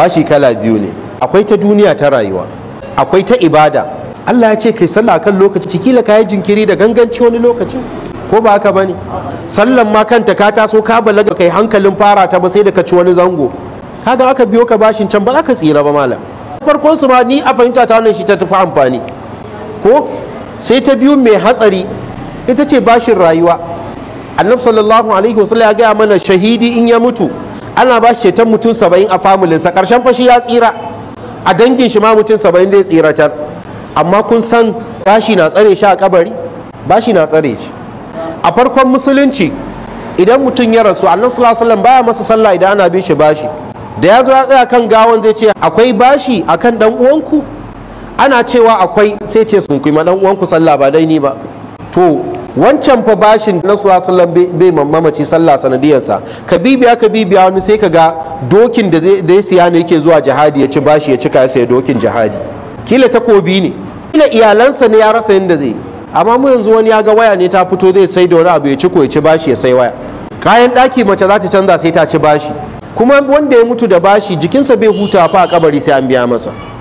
bashi kala biyu ne akwai ta duniya ta rayuwa akwai ta ibada Allah ya ce kai sallah kan lokaci ciki la kayi jinkiri da ganganci wani lokacin ko ba haka bane sallan ma kanta ka taso ka balaga kai hankalin fara ta ba sai da ka ci wani zango kaga aka biyo ka bashin can ba za ka tsira ba malam farkon su ma ni a fahimta ta wannan shi ta tafi amfani ko sai ta biyu mai hatsari ita ce bashin rayuwa annabi sallallahu alaihi wasallam ya gaya mana shahidi in ya mutu ana ba shi ceton mutum saba'in a famulinsa ƙarshen fashi ya tsira a dangin shi ma mutum saba'in zai tsira can amma kun san bashi na tsare shi a kabari bashi na tsare shi a farkon musulunci idan mutum ya rasu annabi sallallahu alaihi baya masa sallah idan ana bin shi bashi da ya zo tsaya kan gawan zai ce akwai bashi akan dan uwanku ana cewa akwai sai ce sun kuma dan uwanku sallah ba dai ni ba to wancan fa bashin na sallallahu bai mamaci sallah sanadiyarsa ka bibiya ka bibiya wani sai ka ga dokin da zai siya ne yake zuwa jihadi ya ci bashi ya cika ya dokin jihadi kila takobi ne kila iyalansa ne ya rasa yadda zai amma mu yanzu wani ya ga waya ne ta fito zai sai da wani abu ya ci ko ya ci bashi ya sai waya kayan ɗaki mace za ta canza sai ta ci bashi kuma wanda ya mutu da bashi jikinsa bai hutawa fa a kabari sai an biya masa